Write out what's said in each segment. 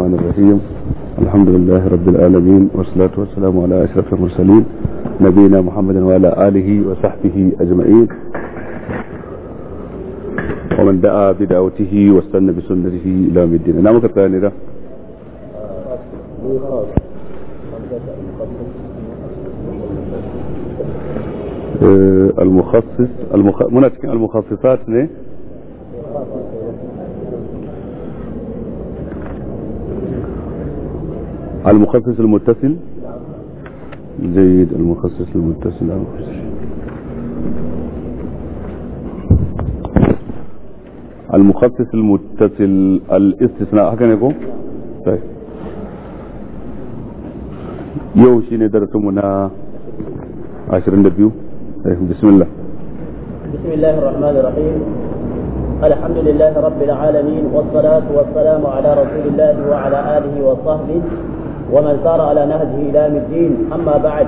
الرحمن الرحيم الحمد لله رب العالمين والصلاة والسلام على أشرف المرسلين نبينا محمد وعلى آله وصحبه أجمعين ومن دعا بدعوته واستنى بسنته إلى يوم الدين نعم كتاني إذا آه، المخصص المخ... المخصصات ne المخصص المتصل جيد المخصص المتصل المخصص المتصل الاستثناء هكذا يكون طيب يوم شيني درسنا هنا طيب بسم الله بسم الله الرحمن الرحيم الحمد لله رب العالمين والصلاة والسلام على رسول الله وعلى آله وصحبه ومن سار على نهجه إلى يوم الدين أما بعد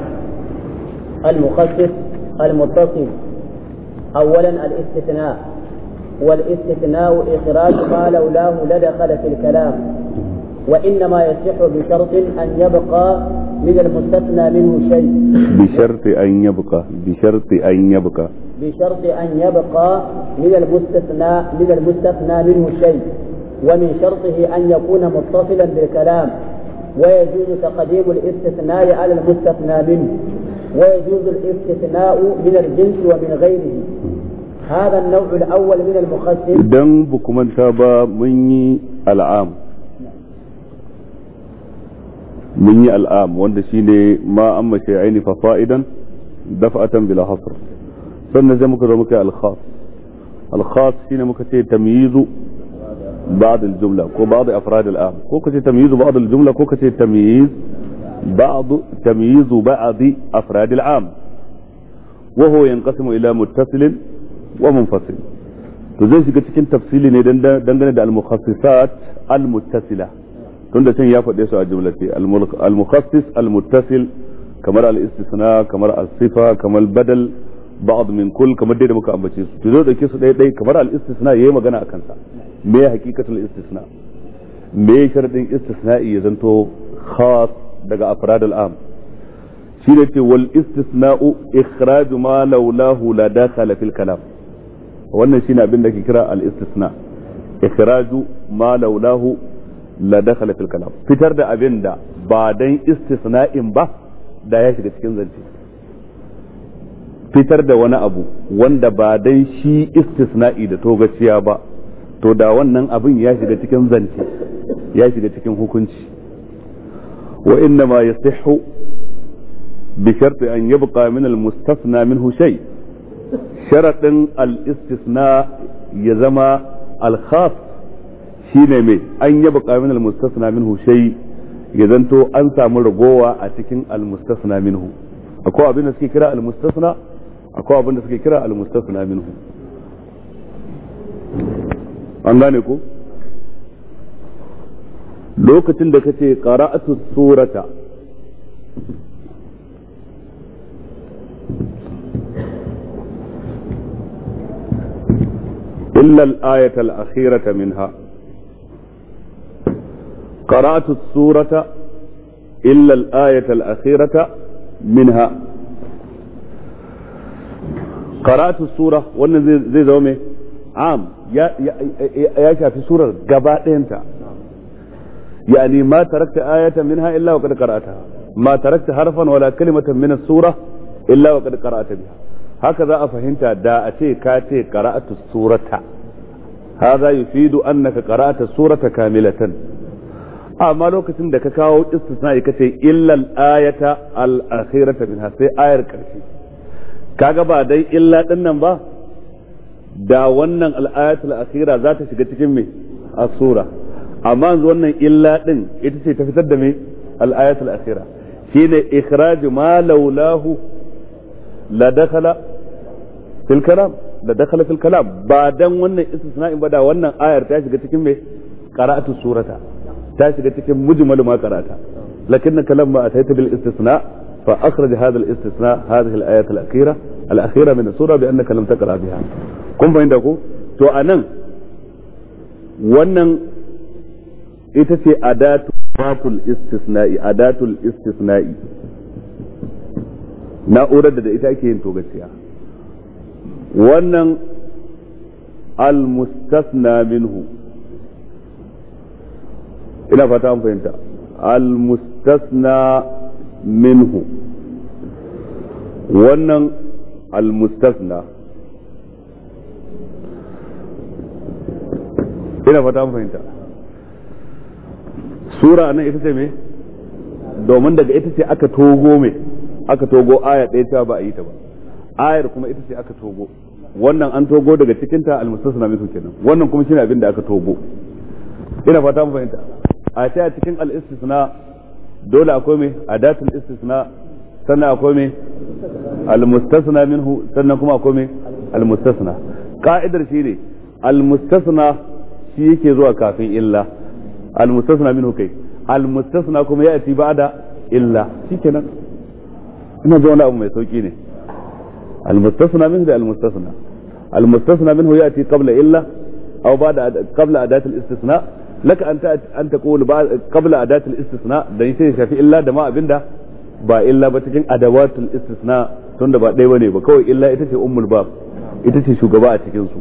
المخصص المتصل أولا الاستثناء والاستثناء إخراج ما لولاه لدخل في الكلام وإنما يصح بشرط أن يبقى من المستثنى منه شيء بشرط أن يبقى بشرط أن يبقى بشرط أن يبقى من المستثنى من المستثنى منه شيء ومن شرطه أن يكون متصلا بالكلام ويجوز تقديم الاستثناء على المستثنى منه ويجوز الاستثناء من الجنس ومن غيره هذا النوع الأول من المخسر دم بكم تابا مني العام مني العام وند شيني ما أما شيئين ففائدا دفعة بلا حصر sannan zai الخاص الخاص muka alkhas تمييزه بعض الجملة كو بعض أفراد الآن كو تمييز بعض الجملة كو تمييز بعض تمييز بعض أفراد العام وهو ينقسم إلى متصل ومنفصل تزيش كتكين تفصيل دندن المخصصات المتصلة تندى شن يافد يسوع الجملة المخصص المتصل كمرأة الاستثناء كمرأة الصفة كمرأة البدل ba'd min kull kamar dai da muka ambace su to zai dauke su dai dai kamar al-istisna yayi magana a kansa me hakikatul istisna me sharadin istisna'i ya zanto khas daga afrad al-am shi ne ce wal istisna'u ikhraju ma laulahu la dakhala fil kalam wannan shine abin da ke kira al istisna ikhraju ma laulahu la dakhala fil kalam fitar da abinda ba dan istisna'in ba da ya shiga cikin zance fitar da wani abu wanda ba dai shi istisna'i da togaciya ba to da wannan abin ya shiga cikin zance ya shiga cikin hukunci wa inna ma yasihhu bi sharti an yabqa min al mustafna minhu shay sharadin al istisna ya zama al khas shine me an yabqa min al mustafna minhu shay ya zanto an samu ragowa a cikin al mustafna minhu akwai abin da suke kira al mustafna akwai abin da suke kira al-mustasna minhu an gane ko lokacin da kace qara'atu surata إلا الآية الأخيرة منها قرأت السورة إلا الآية الأخيرة منها qara'atu sura wannan zai zama mai am ya shafi surar gaba ɗayanta yani ma tarakta ayatan minha illa wa qad qara'ataha ma tarakta harfan wala kalimatan min as-sura illa wa qad qara'ata biha haka za a fahimta da a ce ka ce qara'atu surata hadha yufidu annaka qara'ata surata kamilatan amma lokacin da ka kawo istisna'i kace illa al-ayata al-akhirata minha sai ayar karshe kaga ba dai illa ɗin nan ba da wannan al'ayatul akhira za ta shiga cikin me asura amma yanzu wannan illa ɗin ita ce ta fitar da me al'ayatul akhira shine ikhraj ma laulahu la dakhala fil kalam la dakhala fil kalam ba dan wannan istisna'in ba da wannan ayar ta shiga cikin me qara'atu surata ta shiga cikin mujmal ma qara'ata lakinna kalam ma ataita bil istisna fa akhraj hadha al istisna hadhihi al ayat al akhira al min sura bi annaka lam taqra biha kun fahimta ko to anan wannan ita ce adatul istisna'i adatul istisna'i na'urar da ita ake yin gaskiya wannan al-mustasna minhu ina fata an fahimta al-mustasna minhu wannan al-mustasna ina fata fahimta sura nan ita ce me domin daga ita ce aka togo me aka togo aya ɗaya ta ba a yi ta ba ayar kuma ita ce aka togo wannan an togo daga cikin ta al-mustasna min kenan wannan kuma shine abin da aka togo ina fata fahimta a ta cikin al'istisna dole akwai me adatul istisna sannan akwai me almustasna minhu sannan kuma akwai me almustasna ka'idar shi ne almustasna shi yake zuwa kafin illa almustasna minhu kai almustasna kuma ya ci ba'da illa shi shikenan ina ji wani abu mai sauki ne almustasna minhu da almustasna almustasna minhu ya ci qabla illa aw ba'da qabla adat al-istisna laka an an taqulu qabla adat al-istisna dan sai shafi illa da ma abinda ba illa ba cikin adawatul istisna tunda ba ɗaya bane ba kawai illa ita ce ummul bab ita ce shugaba a cikin su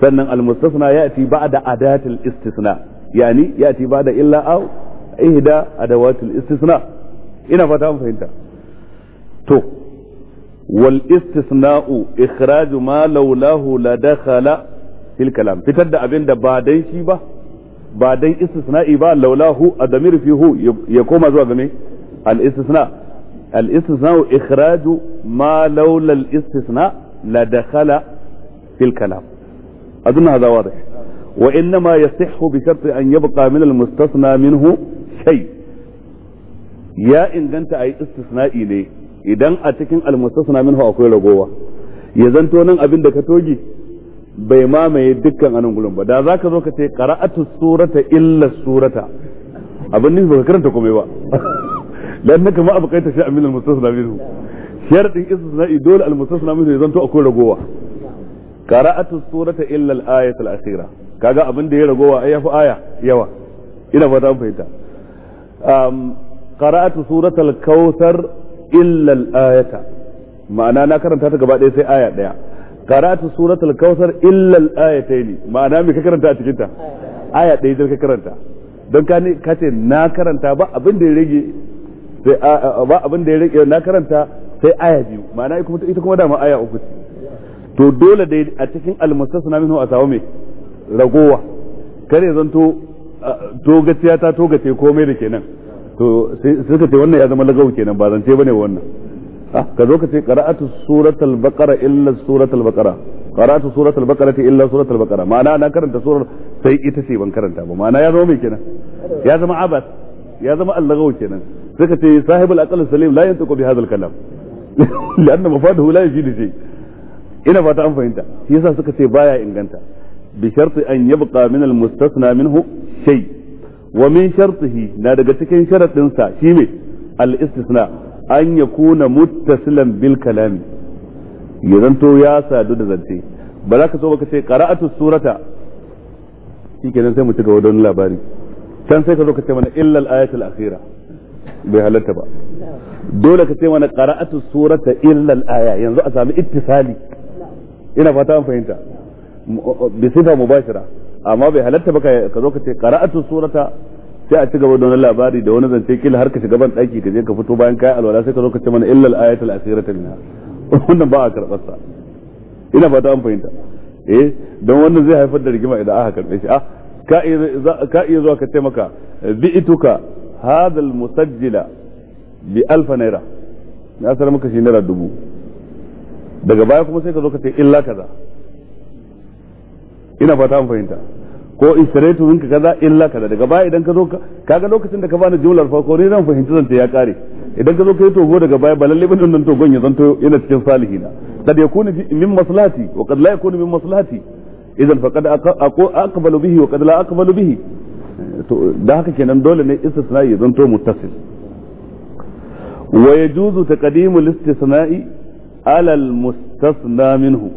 sannan almustasna ya'ti ba'da adatil istisna yani ya'ti ba'da illa aw ihda adawatil istisna ina fata mun fahimta to wal istisna'u ikhraju ma laulahu la dakhala fil kalam fitar da abin da ba dan shi ba ba dan istisna'i ba laulahu adamir fihu ya koma zuwa ga me al istisna' الاستثناء istisna ما ma الاستثناء لدخل في الكلام dakhala أظن هذا واضح وإنما يصح بشرط أن يبقى من المستثنى منه شيء يا إن جنت أي استثناء إليه idan a cikin almustasna minhu akwai ragowa ya zanto nan abin da ka toge bai mamaye dukkan anan gurin ba da za ka zo ka ce qara'atu surata illa surata abin nufi ba ka karanta komai ba lannaka ma abqaita shay'an min al-mustasna minhu sharadin istisna'i dole al-mustasna minhu zanto akwai ragowa qara'atu surata illa al-ayat al-akhira kaga abin da ya ragowa ai yafi aya yawa ina fata an fahimta um qara'atu surata al-kautsar illa al-ayata ma'ana na karanta ta gaba ɗaya sai aya ɗaya qara'atu suratal al-kautsar illa al-ayatayn ma'ana me ka karanta a cikin ta aya ɗaya ka karanta don ka ce na karanta ba abin da ya rage sai ba abin da ya rike na karanta sai aya biyu ma'ana ita kuma dama aya uku ce to dole dai a cikin almustasna minhu a samu mai ragowa kare zanto togaciya ta togace komai da kenan to sai suka ce wannan ya zama lagau kenan ba zance bane wannan ka zo ka ce qara'atu suratul baqara illa suratul baqara qara'atu suratul baqara illa suratul baqara ma'ana na karanta surar sai ita ce ban karanta ba ma'ana ya zama mai kenan ya zama abas ya zama allagau kenan suka ce sahibul aqal salim la yantiqu bi hadha kalam lanna mafadahu la yajidu shi ina fata an fahimta yasa suka ce baya inganta bi sharti an yabqa min al mustasna minhu shay wa min shartihi na daga cikin sharadin sa shi ne al istisna an yakuna muttasilan bil kalami ya to ya sadu da zance ba za ka so baka ce qara'atu surata shikenan sai mu ci gaba da wani labari can sai ka zo ka ce mana illal ayatul akhirah bai halatta ba dole ka ce mana qara'atu surata illa al-aya yanzu a sami ittisali ina fata an fahimta bi sifa mubashira amma bai halatta ba ka zo ka ce qara'atu surata sai a ci gaba da wani labari da wani zance kila har ka shiga ban daki ka je ka fito bayan kai alwala sai ka zo ka ce mana illa al-ayatul asirata minha wannan ba a karbar sa ina fata an fahimta eh don wannan zai haifar da rigima idan aka karbe shi ah ka iya zuwa ka ce maka bi'ituka هذا المسجل بألف نيرة na sanar maka shi naira dubu daga baya kuma sai ka zo ka ce illa kaza ina fata an fahimta ko istiraitu minka kaza illa kaza daga baya idan ka zo kaga lokacin da ka bani jumlar farko ne zan fahimci zance ya kare idan ka zo ka yi togo daga baya ba lalle bane nan togon ya zanto yana cikin salihina kad yakunu min maslahati wa kad la yakunu min maslahati idan faqad aqbalu bihi wa kad la aqbalu bihi to da haka kenan dole ne istisna'i ya zanto muttasil wa yajuzu taqdimu al-istisna'i ala al-mustasna minhu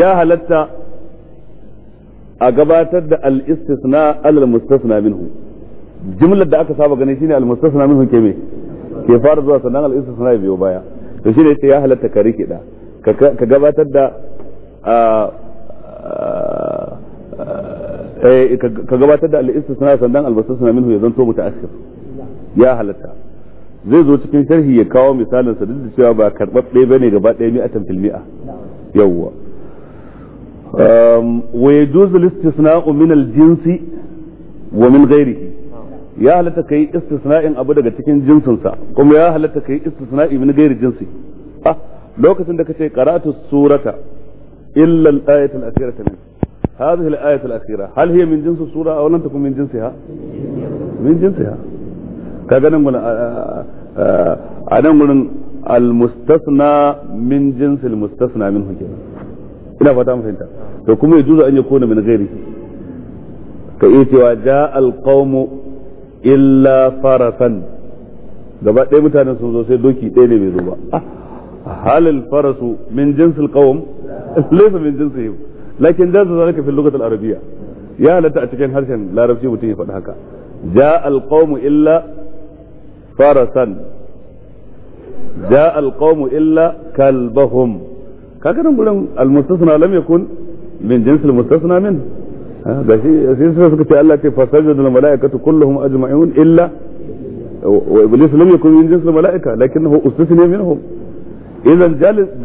ya halatta a gabatar da al-istisna ala al-mustasna minhu jumlar da aka saba ganin shine al-mustasna minhu ke me ke fara zuwa sannan al-istisna biyo baya to shine yace ya halatta ka rike da ka gabatar da Eh, ka gabatar da al-istisna sannan al-bastisna minhu ya zanto mutaakhir ya halatta zai zo cikin sharhi ya kawo misalin sa duk da cewa ba karbabbe bane gaba ɗaya mi'atan fil mi'a yawwa um, wa yajuz al-istisna'u min al-jinsi wa min ghairihi ya halatta kai istisna'in abu daga cikin jinsin sa kuma ya halatta kai istisna'i min ghairi jinsi ah lokacin da kace qara'atu surata illa al-ayatu al-akhirata min هذه الآية الأخيرة هل هي من جنس السورة أو لم تكن من جنسها من جنسها كأنا أنا من المستثنى من جنس المستثنى منه كده ina fata mu fahimta to kuma ya juzu an ya kona ka iya ja alqawmu illa farasan gaba ɗaya mutanen sun zo sai doki ɗaya ne bai zo ba halin farasu min jinsil qawm laysa min jinsihim لكن ذات ذلك في اللغة العربية يا لتأتي كان هرشا لا رب شيء متين هكا جاء القوم إلا فرسا جاء القوم إلا كلبهم كاكنا نقول المستثنى لم يكن من جنس المستثنى منه ده في سيسر سكتي ألا فسجد الملائكة كلهم أجمعون إلا وإبليس لم يكن من جنس الملائكة لكنه استثنى منهم إذا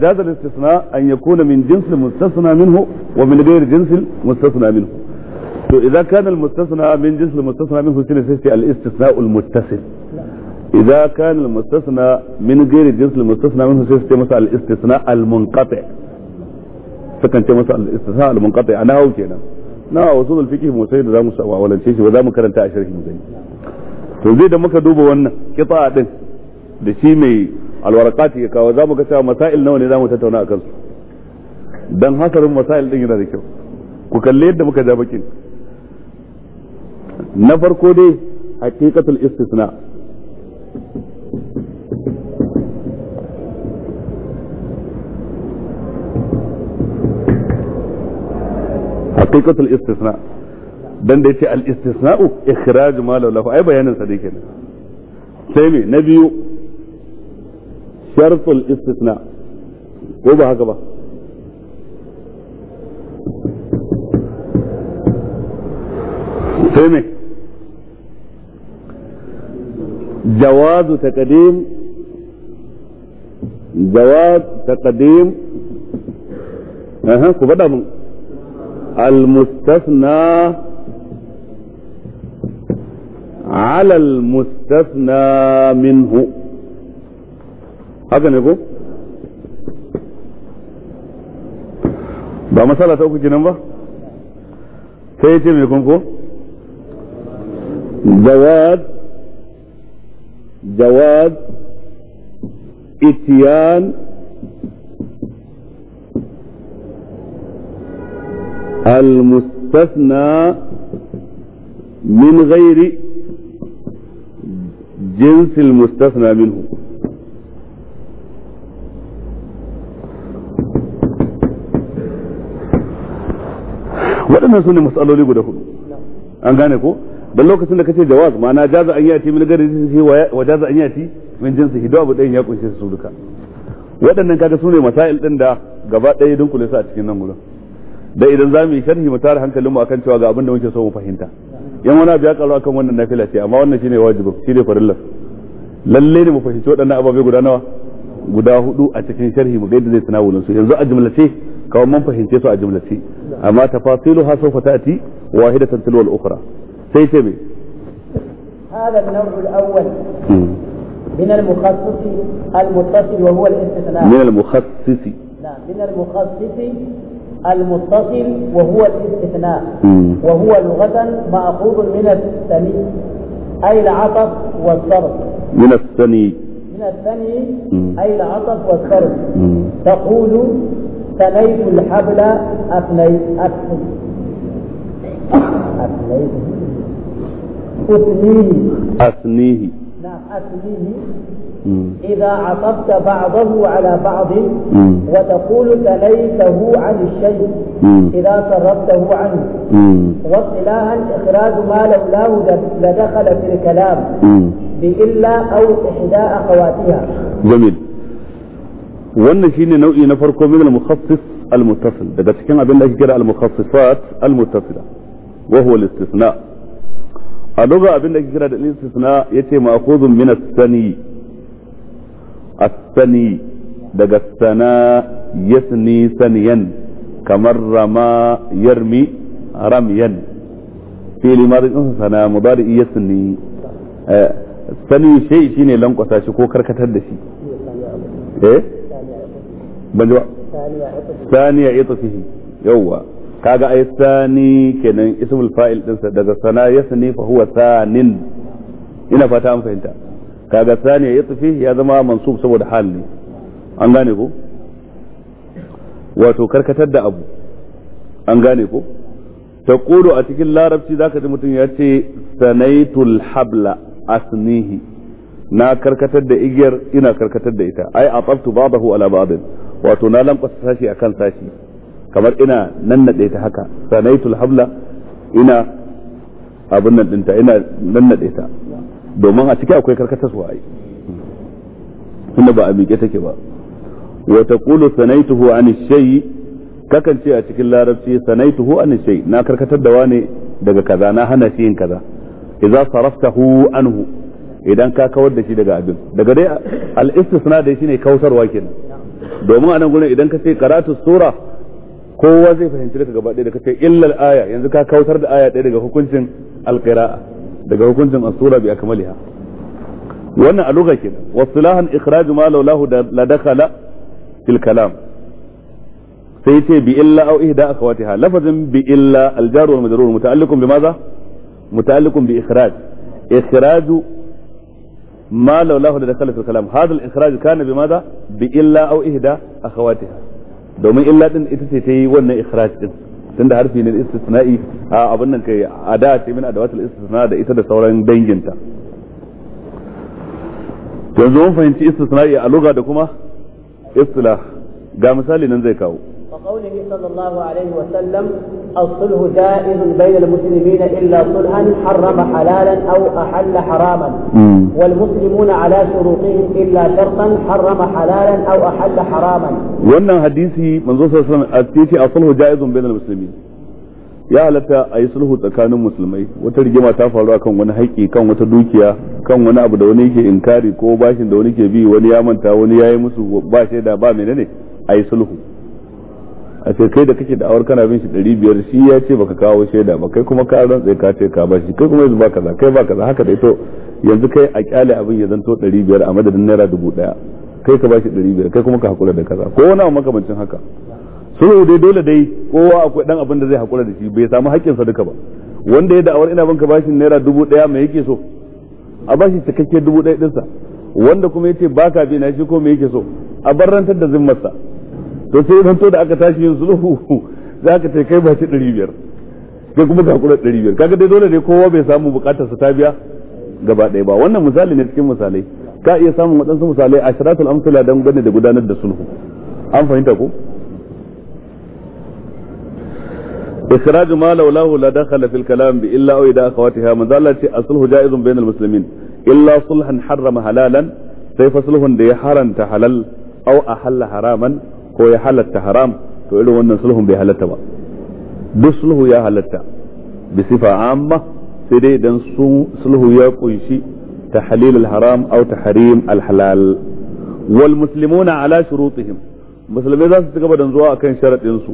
جاز الاستثناء أن يكون من جنس المستثنى منه ومن غير جنس المستثنى منه فإذا كان المستثنى من جنس المستثنى منه سنسيتي الاستثناء المتصل إذا كان المستثنى من غير جنس المستثنى منه سنسيتي مثلا الاستثناء المنقطع فكان مثلا الاستثناء المنقطع أنا هو كينا na wasu zulfiƙi mu sai da za mu walance shi ba za mu karanta a sharhi mu gani to zai da muka duba wannan kitsa din da shi mai alwarakati ya kawo za mu ga cewa masail nawa ne za mu tattauna a kansu dan hasarin masail din yana da kyau ku kalle yadda muka ja bakin na farko dai haqiqatul istisna haqiqatul istisna dan da yace al istisna'u ikhraj ma law lahu ai bayanin sa dai kenan sai me na biyu شرط الاستثناء وبها ba فهمي جواز تقديم جواز تقديم اها كبدا المستثنى على المستثنى منه haka ne ko ba masala ta uku kenan ba sai ya ce mai kun jawad jawad itiyan المستثنى من غير جنس المستثنى منه waɗannan su ne mas'aloli guda hudu an gane ko don lokacin da kace jawaz na jaza an yati min gari shi wa jaza an yati min jinsi hidu abu ɗayan ya kunshe su duka waɗannan kaga ne masail ɗin da gaba ɗaya dun su a cikin nan gudun da idan za mu yi sharhi mu tare hankalinmu akan cewa ga abin da muke so mu fahimta yan wani abu ya karu akan wannan nafila ce amma wannan shine wajibin shine farillar lalle ne mu fahimci waɗannan ababe guda nawa guda hudu a cikin sharhi mu ga yadda zai tunawulin su yanzu a jumlace kawai mun fahimce su a jumlace أما تفاصيلها سوف تأتي واحدة تلو الأخرى سي سي هذا النوع الأول من المخصص المتصل وهو الاستثناء من المخصص نعم من المخصص المتصل وهو الاستثناء وهو لغة مأخوذ من الثني أي العطف والصرف من الثني من الثني أي العطف والصرف تقول ثنيت الحبل أثنيت أثنيت أثنيت أثنيه أثنيه نعم أثنيه إذا عطفت بعضه على بعض وتقول تليته عن الشيء إذا صرفته عنه واصطلاحا إخراج ما لولاه لدخل في الكلام بإلا أو إحدى أخواتها جميل wannan shine nau'i na farko min al-mukhassis al-muttasil daga cikin abin da ake kira al-mukhassisat al-muttasila wa huwa al-istithna a lugha abin da ake kira da al-istithna yace ma'khudun min as-sani as-sani daga sana yasni saniyan kamar rama yarmi ramyan fi'li limarin sana mudari yasni eh, sani shi shine lankwasa shi ko karkatar da shi eh banjo saniya itfihi yawwa kaga ai sani kenan ismul fa'il dinsa daga sana yasni fa huwa sanin ina fata an fahimta kaga sani saniya itfihi ya zama mansub saboda hali an gane ko wato karkatar da abu an gane ko kudu a cikin larabci zaka ji mutum ya ce sanaitul habla asnihi na karkatar da igiyar ina karkatar da ita ai a ataftu ba'dahu ala ba'd wato na lankwasa sashi akan sashi kamar ina nannade ta haka sanaitul habla ina abin nan dinta ina nannade ta domin a ciki akwai karkatarwa ai tunda ba a miƙe take ba wa taqulu sanaituhu an shay kakan ce a cikin larabci sanaituhu an shay na karkatar da wane daga kaza na hana shi yin kaza idza saraftahu anhu idan ka kawar da shi daga abin daga dai al-istisna dai shine kautarwa kenan domin a nan gurin idan ka ce karatu sura kowa zai fahimci daga gaba ɗaya da kace illal aya yanzu ka kautar da aya ɗaya daga hukuncin alqira'a daga hukuncin as-sura bi akmaliha wannan a lugha kenan wasilahan ikhraj ma laulahu la dakhala fil kalam sai ce bi illa aw ihda akhawatiha lafazin bi illa al jar wal majrur muta'alliqun bi madha muta'alliqun bi ikhraj ikhraju Malam لو له لدخل في الكلام هذا الإخراج bi بماذا بإلا أو إهدى أخواتها domin illa din ita ce ta yi wannan ikhraj din tunda harfi ne istisna'i a abin a da ada ce min adawatul istisna da ita da sauran danginta yanzu mun fahimci istisna'i a lugha da kuma istilah ga misali nan zai kawo وقوله صلى الله عليه وسلم الصلح جائز بين المسلمين الا صلحا حرم حلالا او احل حراما والمسلمون على شروطهم الا شرطا حرم حلالا او احل حراما wannan hadisi manzo sallallahu alaihi wasallam asulhu jaizun bainal muslimin ya halatta a yi sulhu tsakanin musulmai wata rigima ta faru akan wani haƙƙi kan wata dukiya kan wani abu da wani yake inkari ko bashin da wani ke bi wani ya manta wani ya yi musu ba shaida ba menene a yi sulhu a ce kai da kake da'awar kana bin shi ɗari biyar shi ya ce baka kawo shaida ba kai kuma ka rantse ka ce ka ba shi kai kuma yanzu ba kaza kai ba kaza haka dai to yanzu kai a kyale abin ya zanto ɗari biyar a madadin naira dubu ɗaya kai ka ba shi ɗari biyar kai kuma ka hakura da kaza ko wani makamancin haka sulhu dai dole dai kowa akwai dan abin da zai hakura da shi bai samu sa duka ba wanda ya da'awar ina banka bashi naira dubu ɗaya mai yake so a bashi cikakke dubu ɗaya ɗinsa wanda kuma ya ce baka bi na shi ko mai yake so a barrantar da zimmarsa to sai zan to da aka tashi yin sulhu za ka ce kai ba shi ɗari biyar kai kuma ka kura ɗari biyar kaga dai dole ne kowa bai samu bukatar sa ta biya gaba ɗaya ba wannan misali ne cikin misalai ka iya samun waɗansu misalai a shiratul amsala don gane da gudanar da sulhu an fahimta ko إخراج ما لولاه لا دخل في الكلام إلا أو إذا أخواتها من ذلك الصلح جائز بين المسلمين إلا صلحا حرم حلالا sai fasulhun da ya haranta halal au a halla haraman ko ya halatta haram to irin wannan sulhun bai halatta ba duk sulhu ya halatta bi sifa amma sai dai idan sulhu ya kunshi tahlil al-haram aw tahrim al-halal wal muslimuna ala shurutihim musulmai za su ci gaba da zuwa akan sharadin su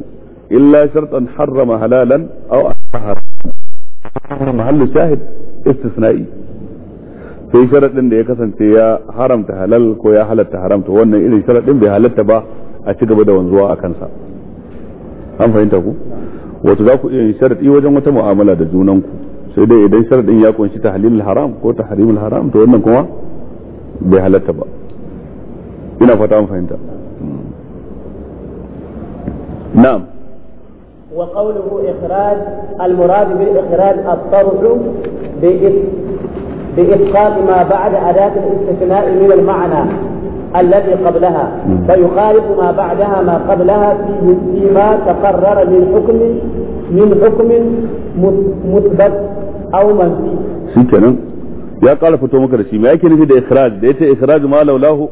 illa shartan harrama halalan aw harrama mahallu shahid istisna'i sai sharadin da ya kasance ya haramta halal ko ya halatta haram to wannan irin sharadin bai halatta ba a ci gaba da wanzuwa a kansa an fahimta ku wato za ku iya yin sharadi wajen wata mu'amala da junanku sai dai idan sharadin ya kunshi tahlilul haram ko tahrimul haram to wannan kuma bai halatta ba ina fata an fahimta na'am wa qawluhu al murad bil إخراج المراد بالإخراج bi بإبطال ما بعد أداة الاستثناء من المعنى الذي قبلها فيخالف ما بعدها ما قبلها فيه فيما تقرر من حكم من حكم مثبت أو منفي. شكرا. يا قال فتو مكرشي ما يمكن في إخراج ديت إخراج ما له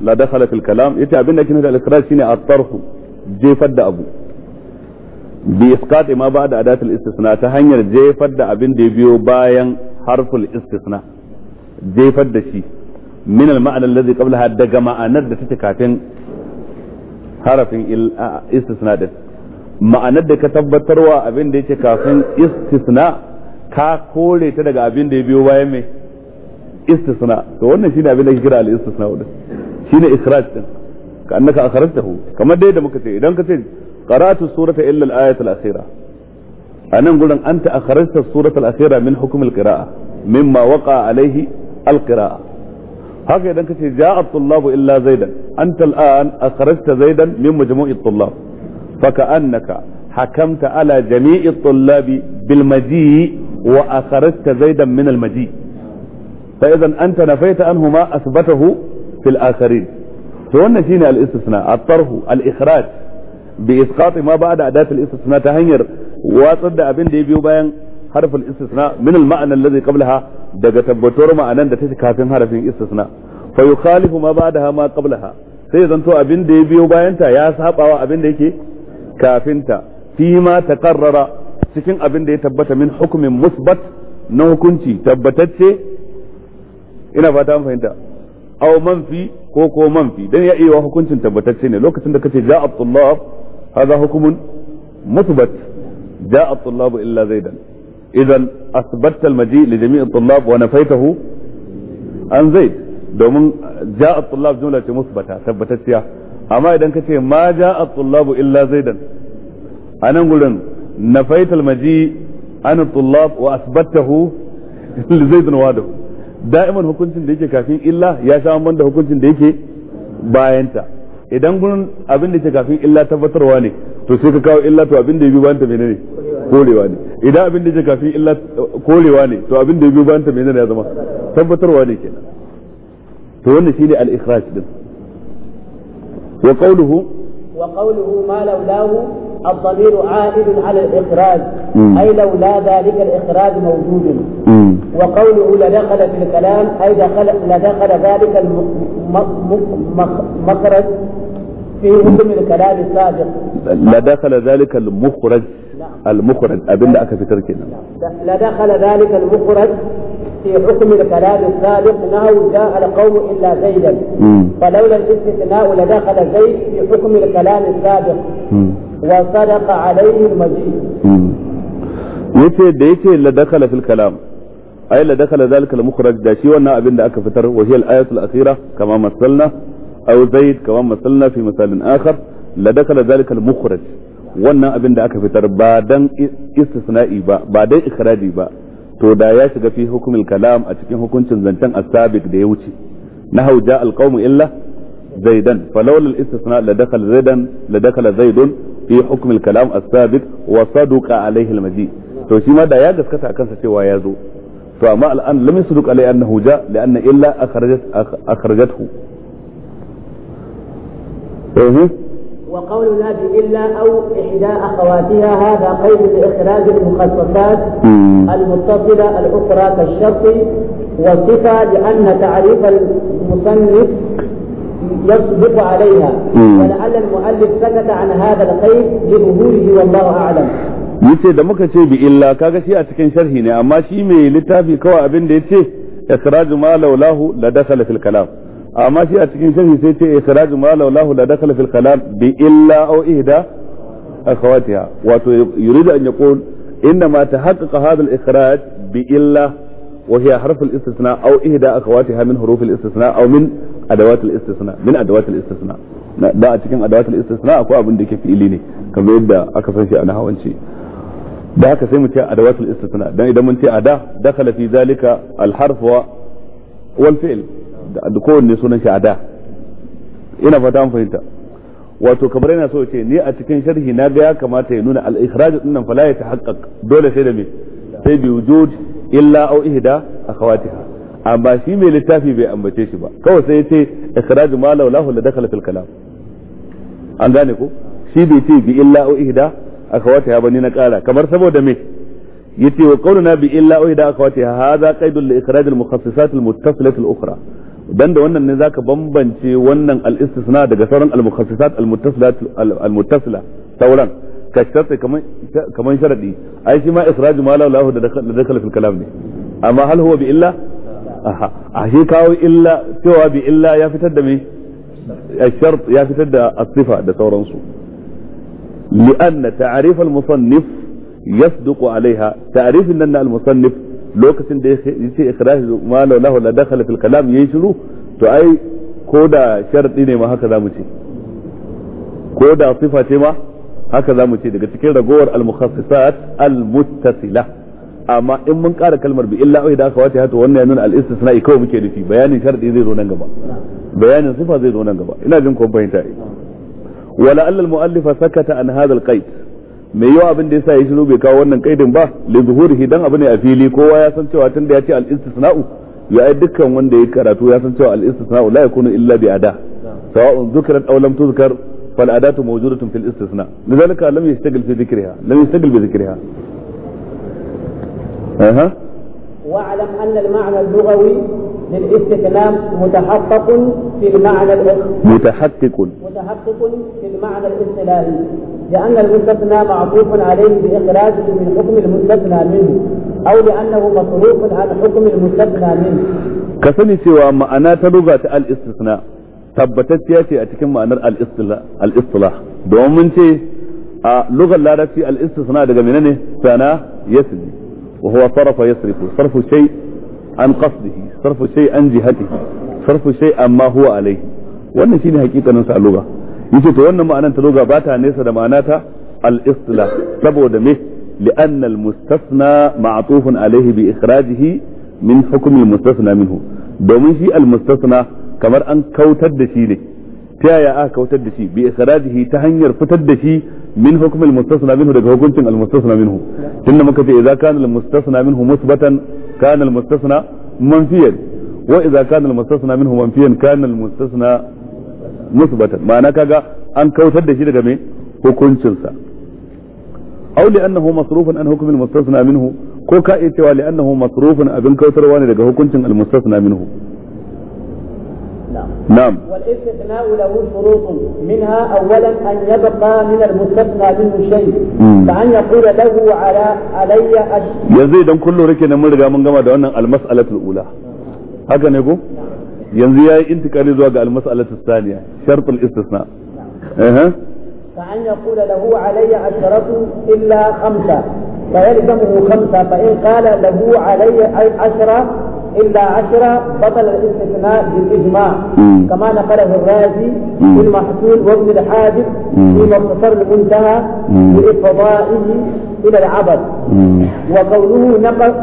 لا دخل في الكلام يتي أبينا كنا الإخراج سيني أطرح جيفد أبو بإسقاط ما بعد أداة الاستثناء تهنير جيفد أبين ديبيو باين harful istisna jefar da shi min al-ma'ana allazi qablaha daga ma'anar da take kafin harafin ma'anar da ka tabbatarwa abin da yake kafin istisna ka kore ta daga abin da ya biyo bayan mai istisna to wannan shine abin da ke kira al-istisna din shine ikhraj din ka annaka akhrajtahu kamar dai da muka ce idan ka ce qara'atu surata illa al-ayata al-akhirah anan gurin anta akhrajta surat al-akhira min hukm al-qira'a mimma waqa alayhi al-qira'a haka idan kace ja'a at-tullab illa zaidan anta al-an akhrajta zaidan min majmu'i at-tullab faka'annaka hakamta ala jami'i at-tullabi bil maji' wa akhrajta zaidan min al-maji' fa idan anta nafaita anhu ma athbathahu fil akharin to wannan shine al-istisna at-tarhu al-ikhraj bi isqat ma ba'da adat al-istisna ta hanyar watsar da abin da ya biyo bayan harfin istisna min al-ma'ana alladhi qablaha daga tabbatuwar ma'anan da take kafin harafin istisna fa yukhalifu ma ba'daha ma qablaha sai zanto abin da ya biyo bayan ta ya sabawa abin da yake kafin ta fi ma taqarrara cikin abin da ya tabbata min hukumin musbat na hukunci tabbatacce ina fata an fahimta aw manfi ko ko manfi dan ya iya hukuncin tabbatacce ne lokacin da kace ja'a Abdullah hadha hukumun musbat جاء الطلاب إلا زيدا إذا أثبتت المجيء لجميع الطلاب ونفيته عن زيد domin ja tullab jumla ce musbata tabbatacciya amma idan ka ma ja tullabu illa zaidan a nan gurin nafait almaji an tullab wa asbatahu li zaidan wadu da'iman hukuncin da yake kafin illa ya sha amman da hukuncin da yake bayanta idan gurin abin da yake kafin illa tabbatarwa ne to sai ka kawo illa to abin da ya bi bayanta menene korewa ne idan abin da jaka kafi illa korewa ne to abin da ya biyo bayan ta menene ya zama tabbatarwa ne kenan to wannan shine al-ikhraj din wa qawluhu wa qawluhu ma laulahu الضمير عائد على الإخراج مم. أي لولا ذلك الإخراج موجود مم. وقوله لدخل في الكلام أي دخل لدخل ذلك المخرج في حكم الكلام السابق لدخل ذلك المخرج المخرج أبن لأك في تركنا لدخل ذلك المخرج في حكم الكلام السابق انه جاء القوم الا زيدا فلولا الاستثناء لدخل زيد في حكم الكلام السابق وصدق عليه المجيء يتي ديتي دخل في الكلام أي اللي دخل ذلك المخرج ده شيوانا أبن ده أكفتر وهي الآية الأخيرة كما مثلنا أو زيد كما مثلنا في مثال آخر لدخل ذلك المخرج wannan abin da aka fitar ba dan istisna'i ba ba dan ikhraji ba to da ya shiga fi hukumil kalam a cikin hukuncin zancen asabiq da ya wuce na hauja alqawmu illa zaidan falawla al-istisna la dakhala zaidan la dakhala zaidun fi hukumil kalam asabiq wa saduqa alayhi al to shi ma da ya gaskata akan sa cewa ya zo to amma al'an lam yasduq alayhi annahu ja li anna illa akhrajat akhrajathu eh وقول لا إلا أو إحدى أخواتها هذا قيد لإخراج المخصصات المتصلة الأخرى كالشرط والصفة لأن تعريف المصنف يصدق عليها ولعل المؤلف سكت عن هذا القيد لظهوره والله أعلم yace da muka ce bi illa kaga shi a cikin sharhi ne amma shi mai littafi kawai abin da yace ikhraju ma laulahu la dakhala fil kalam amma shi a cikin sharhi sai ce ikhraju ma law lahu la dakala fil kalam bi illa aw ihda akhawatiha wato yuridu an yaqul inna ma tahaqqa hadha al ikhraj bi illa wa hiya harf al istithna aw ihda akhawatiha min huruf al istithna aw min adawat al istithna min adawat al istithna da a cikin adawat al istithna akwai abin da yake fi'ili ne kamar yadda aka san shi a nahawanci da haka sai mu ce adawat al istithna dan idan mun ce ada dakala fi zalika al harf wa wal fi'l da kowanne sunan shi a da ina fata an fahimta wato kamar yana so ce ni a cikin sharhi na ga ya kamata ya nuna al-ikhraj din nan fala ya tahaqqaq dole sai da me sai bi wujud illa aw ihda akhawatiha amma shi mai littafi bai ambace shi ba kawai sai ya ce ikhraj ma law lahu la dakhala fil kalam an gane ko shi bai ce bi illa aw ihda akhawatiha bane na kara kamar saboda me yace wa qawluna bi illa aw ihda akhawatiha hadha qaidul li ikhraj al mukhassisat al muttasilat al ukhra dan da wannan ne zaka bambance wannan al-istisna daga sauran al-mukhassisat al-muttasilat al-muttasila sauran ka sharti kaman kaman sharadi ai shi ma israju ma lahu da dakala fil kalam ne amma hal huwa bi illa a shi kawo illa cewa bi illa ya fitar da me الشرط يا فتد الصفة ده تورنسو لأن تعريف المصنف يصدق عليها تعريف أن المصنف lokacin da yace ikhraji ma law lahu la dakhala fil kalam yayi shiru to ai ko da sharadi ne ma haka zamu ce ko da sifa ce ma haka zamu ce daga cikin ragowar al-mukhassisat al-muttasila amma in mun ƙara kalmar bi illa ai da aka wace hato wannan ya nuna al-istisna kawai muke nufi bayanin sharadi zai zo nan gaba bayanin sifa zai zo nan gaba ina jin ko fahimta wala alla al-mu'allifa sakata an hadha al-qaid mai yau abin da yasa ya shiru bai kawo wannan kaidin ba li zuhurihi dan abu ne a fili kowa ya san cewa tunda ya ce al istisna'u ya ai dukkan wanda ya karatu ya san cewa al istisna'u la yakunu illa bi ada sawa'un zukrat aw lam tuzkar fal adatu mawjudatun fil istisna lidhalika lam yastaghil fi dhikriha lam yastaghil bi dhikriha aha واعلم أن المعنى اللغوي للاستسلام متحقق في المعنى متحقق متحقق في المعنى الاصطلاحي لأن المستثنى معطوف عليه بإخراجه من حكم المستثنى منه أو لأنه مصروف عن حكم المستثنى منه كسني سوى معنى آه، لغه الاستثناء tabbatacciya ce a cikin ma'anar al-istilah domin mun ce a lugar larabci al-istisna daga menene sana yasli وهو صرف يصرف صرف الشيء عن قصده صرف الشيء عن جهته صرف الشيء عن ما هو عليه wannan shine hakikanin sa lugha yace to wannan ma'anar ta lugha ba ta nesa da ma'anata al-istilah saboda me لأن المستثنى معطوف عليه بإخراجه من حكم المستثنى منه domin shi almustasna kamar an kautar da shi ne ta yaya aka kautar da shi bi ikhrajihi ta hanyar fitar da shi min hukm al mustasna minhu daga hukuncin al mustasna minhu tunda muka ce idza kana al mustasna minhu musbatan kana al mustasna manfiyan wa idza kana al mustasna minhu manfiyan kana al mustasna musbatan ma'ana kaga an kautar da shi daga me hukuncinsa aw li annahu masrufun an hukm al mustasna minhu ko ka iya cewa li annahu masrufun abin kautarwa ne daga hukuncin al mustasna minhu نعم والاستثناء له شروط منها اولا ان يبقى من المستثنى منه شيء فان يقول له على علي yanzu idan kullum rike ne mun riga mun gama da wannan almas'alatul ula haka ne ko yanzu yayi intikali zuwa ga almas'alatul thaniya shartul istisna eh فأن يقول له علي عشرة إلا خمسة فيلزمه خمسة فإن قال له علي عشرة إلا عشرة بطل الاستثناء بالإجماع كما نقله الرازي في المحصول وابن الحاجب في مختصر المنتهى بإفضائه إلى العبد وقوله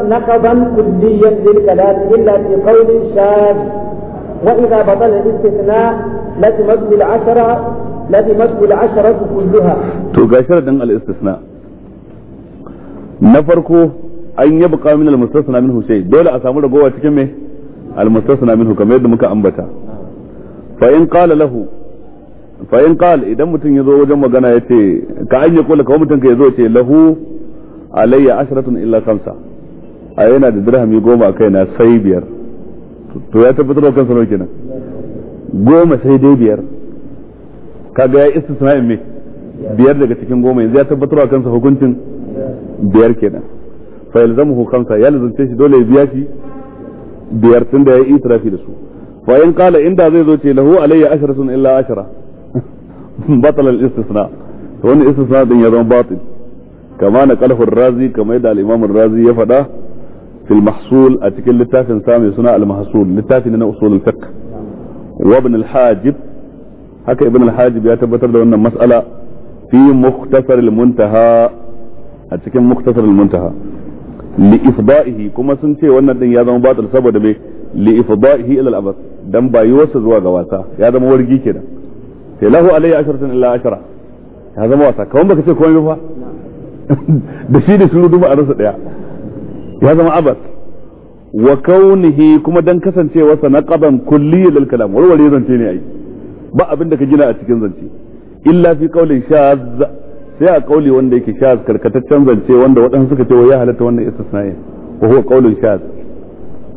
نقضا كليا للكلام إلا في قول شاذ وإذا بطل الاستثناء لزمت العشرة لزمت العشرة كلها. تو الاستثناء. نفركو an yi buƙa min al-mustasna minhu shay dole a samu ragowa cikin me al-mustasna minhu kamar yadda muka ambata fa in qala lahu fa in qala idan mutum yazo wajen magana yace ka an yi kula ka mutum ka yazo ce lahu alayya asharatun illa khamsa a yana da dirhami goma kai kaina sai biyar to ya tabbatar da kansa lokacin nan goma sai dai biyar kaga ya istisna'in me biyar daga cikin goma yanzu ya tabbatar da kansa hukuncin biyar kenan فيلزمه خمسة يلزم تيش دولة بياكي بيرتن ده إيترافي لسو فإن قال إن دا زي زوتي له علي أشرة إلا أشرة بطل الاستثناء فإن استثناء دين يضم باطل كما نقله الرازي كما يدعى الإمام الرازي يفدا في المحصول أتكل لتافي انسان يصنع المحصول لتافي لنا أصول الفك وابن الحاجب هكا ابن الحاجب يعتبر أن المسألة في مختصر المنتهى أتكلم مختصر المنتهى li ifda'ihi kuma sun ce wannan din ya zama batil saboda me li ifda'ihi ila al-abad dan zuwa ga wasa ya zama wargi kenan sai lahu alayya asharatan illa ashara ya zama wasa kawan baka ce komai ba da shi da suru a rasa daya ya zama abad wa kuma dan kasancewarsa naqaban kulli lil kalam warware zance ne ba abinda ka gina a cikin zance illa fi sai a kauli wanda yake shaz karkataccen zance wanda waɗansu suka ce wa ya halatta wannan istisna'in wa huwa qaulun shaz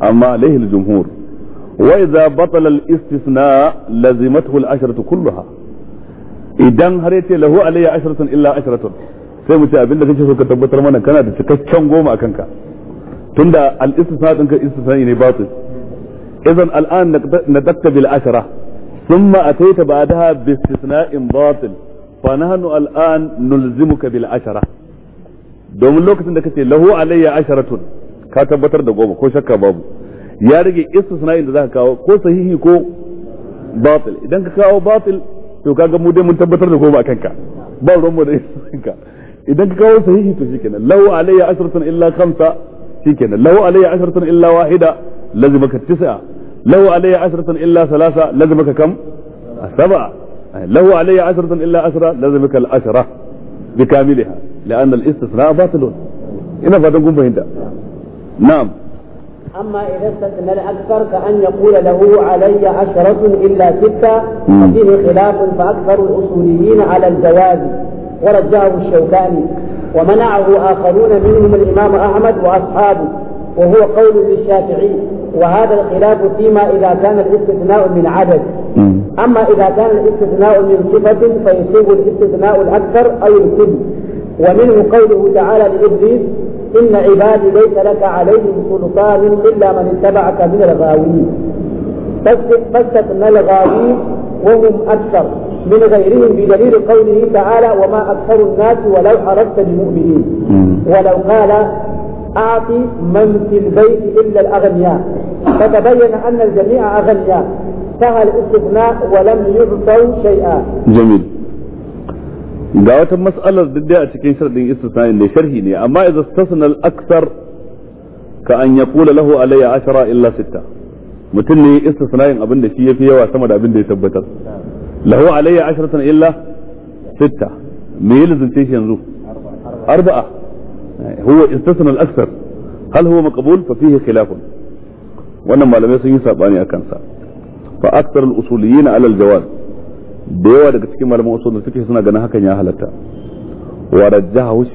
amma alaihi al-jumhur wa idza batala al-istisna lazimathu al-ashratu kulluha idan har yace lahu alayya ashratun illa ashratun sai mu ce abinda kake so ka tabbatar mana kana da cikakken goma a kanka tunda al-istisna din ka istisna'i ne batil idan al'an nadakta bil ashra thumma ataita ba'daha bi istisna'in batil fa nahnu al'an nulzimuka bil ashara domin lokacin da kace lahu alayya asharatun ka tabbatar da goma ko shakka babu ya rage istisna'in da zaka kawo ko sahihi ko batil idan ka kawo batil to kaga mu dai mun tabbatar da goma kanka ba ruwan mu da istisna'inka idan ka kawo sahihi to shikenan lahu alayya asharatun illa khamsa shikenan lahu alayya asharatun illa wahida lazimaka tis'a lahu alayya asharatun illa thalatha lazimaka kam sab'a له علي عشرة إلا عشرة لازمك العشرة بكاملها لأن الاستثناء باطل هنا فاتنكم فهمت نعم أما إذا استثنى الأكثر كأن يقول له علي عشرة إلا ستة ففيه خلاف فأكثر الأصوليين على الجواز ورجعه الشوكاني ومنعه آخرون منهم الإمام أحمد وأصحابه وهو قول للشافعي وهذا الخلاف فيما إذا كان الاستثناء من عدد أما إذا كان الاستثناء من صفة فيصيب الاستثناء الأكثر أو الكل ومنه قوله تعالى لإبليس إن عبادي ليس لك عليهم سلطان إلا من اتبعك من الغاوين فاستثنى الغاوين وهم أكثر من غيرهم بدليل قوله تعالى وما أكثر الناس ولو حرصت بمؤمنين ولو قال أعطي من في البيت إلا الأغنياء فتبين أن الجميع أغنياء انتهى الاستثناء ولم يعطوا شيئا جميل ga wata mas'alar duk dai a cikin sharadin istisna'in ne sharhi ne amma idza istasna al-aksar ka an yaqula lahu alayya ashara illa sitta mutum ne istisna'in abin da shi yafi yawa sama da abin da ya tabbatar lahu alayya asharatan illa sitta me ya lazunce shi yanzu arba'a هو استثنى الأكثر هل هو مقبول ففيه خلاف wannan malamai sun yi sabani a kansa fa akthar al usuliyin ala al jawaz da yawa daga cikin malaman usul da suke suna ganin hakan ya halatta wa rajjahu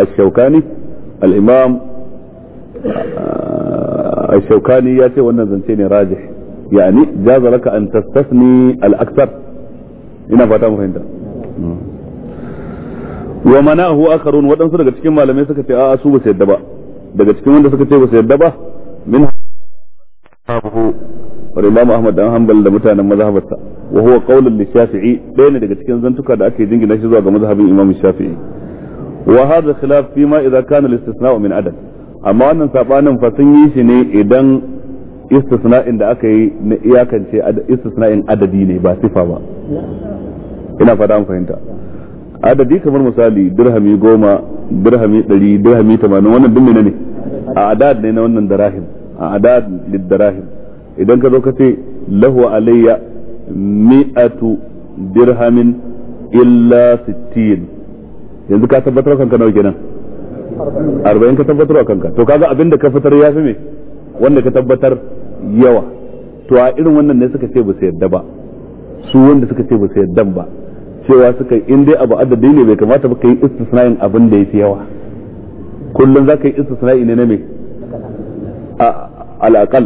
ash-shawkani al imam ash-shawkani ya ce wannan zance ne rajih yani jaza laka an tastasni al akthar ina fata mu fahimta wa mana'ahu akharun waɗansu daga cikin malamai suka ce a'a su ba su yadda ba daga cikin wanda suka ce ba su yadda ba min habu wa imam ahmad dan hanbal da mutanen mazhabarsa wa huwa qawlun li shafi'i ɗaya ne daga cikin zantuka da ake jingina shi zuwa ga mazhabin imam shafi'i wa hadha khilaf fi ma idza kana al istisna'u min adad amma wannan sabanin fa sun yi shi ne idan istisna'in da aka yi na iyakance istisna'in adadi ne ba sifa ba ina fada an fahimta adadi kamar misali dirhami goma dirhami ɗari dirhami tamanin wannan duk ne a adad ne na wannan darahim a adad liddarahim idan ka zo ka ce lahu alayya mi'atu dirhamin illa sittin yanzu ka tabbatar kanka nawa kenan arba'in ka tabbatar kanka to kaga abinda ka fitar ya fi me wanda ka tabbatar yawa to a irin wannan ne suka ce ba su yadda ba su wanda suka ce ba su yadda ba cewa suka yi in dai abu adadi ne bai kamata ba kai istisna'in abin da fi yawa kullum ka yi istisna'i ne na me alaƙal aqal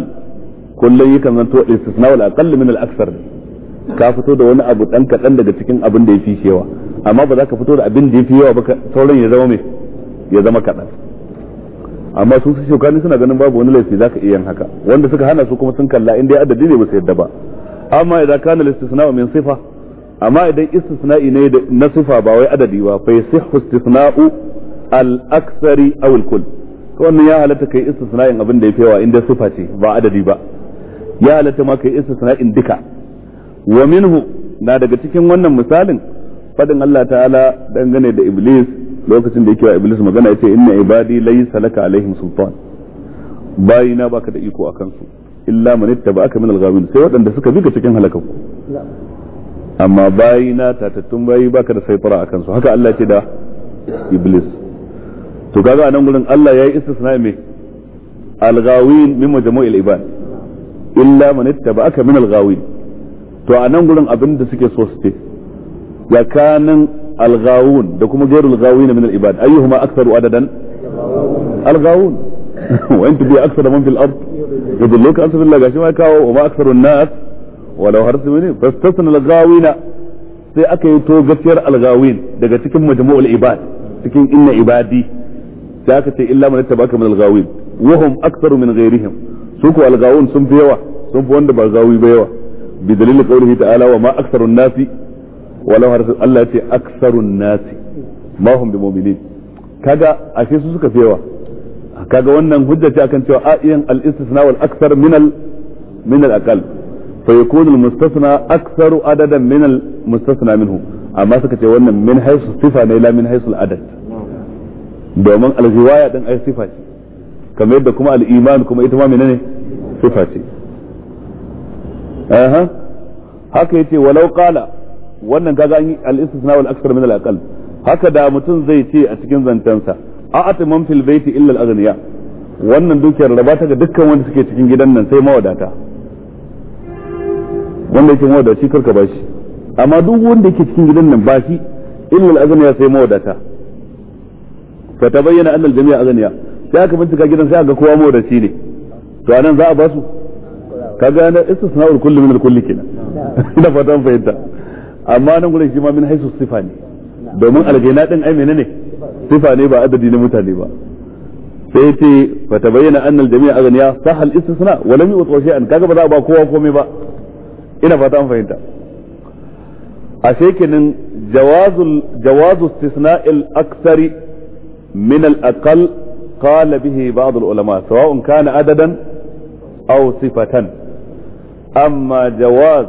kullum yakan zanto istisna'ul al'aƙal min al ne ka fito da wani abu ɗan kaɗan daga cikin abin da ya fi yawa amma ba za ka fito da abin da ya fi yawa ba sauran ya zama me ya zama kaɗan amma su su shokani suna ganin babu wani laifi ka iya yin haka wanda suka hana su kuma sun kalla in dai adadi ne ba su yadda ba amma idan kana al istisna'u min sifa amma idan istisna'i ne na sifa ba wai adadi ba fa yasihhu istisna'u al-aktsari aw al-kull to wannan ya halatta kai istisna'in abin da yafi yawa inda sifa ce ba adadi ba ya halatta ma kai istisna'in duka wa minhu na daga cikin wannan misalin fadin Allah ta'ala dangane da iblis lokacin da yake wa iblis magana yace inna ibadi laysa laka alaihim sultan bayina baka da iko akan su illa man aka min al-ghawin sai waɗanda suka bi ka cikin halakakku amma bayi na tatattun bayi baka da saifara akan su haka Allah ce da iblis to kaga nan gurin Allah yayi istisna me al-ghawin min majmu'il ibad illa man ittaba'aka min al-ghawin to nan gurin abin da suke so su ce yakanin al-ghawun da kuma ghairul ghawin min al-ibad ayyuhuma aktharu adadan al-ghawun wa antu bi aktharu man fil ard yudilluka an sabilillah gashi ma kawo wa ma aktharu an-nas walau har su ne fastasna al-gawina sai aka yi to gafiyar al daga cikin majmu'ul ibad cikin inna ibadi sai aka ce illa man tabaka min al-gawin wa hum min ghayrihim su ko al'gawun sun fi yawa sun fi wanda ba gawi ba yawa bi dalil qawlihi ta'ala wa ma aktharu nasi walau har Allah ya ce aktharu nasi ma hum bi mu'minin kaga ashe su suka fi yawa kaga wannan hujja ce akan cewa a iyan al-istisna wal akthar min al min al-aqal فيكون المستثنى أكثر عددا من المستثنى منه أما سكت وانا من حيث الصفة لا من حيث العدد domin alhiwaya din ai sifa ce kamar yadda kuma al'iman kuma ita ma menene sifa ce aha haka yace walau qala wannan kaga an yi al-istisna wal akthar min al haka da mutum zai ce a cikin zantansa a'ati man fil baiti illa al-aghniya wannan dukiyar raba ta ga dukkan wanda suke cikin gidan nan sai mawadata wanda yake shi karka ba shi amma duk wanda yake cikin gidan nan ba shi illa al-aghniya sai mawadata fa tabayyana anna al-jami'a azaniya sai aka bincika gidan sai aka kowa shi ne to anan za a ba su kaga na istisna'ul kulli min al-kulli kenan ina fatan fahimta amma nan gurin shi ma min haisu sifa ne domin algaina din ai menene sifa ne ba adadi na mutane ba sai ce fa tabayyana anna al-jami'a aghniya sahal istisna wa lam yu'ta shay'an kaga ba za a ba kowa komai ba ina fata an fahimta a kenan jawazul jawazu istisna'il aksari min al aqal qala bihi ba'd al ulama sawa'un kana adadan aw sifatan amma jawaz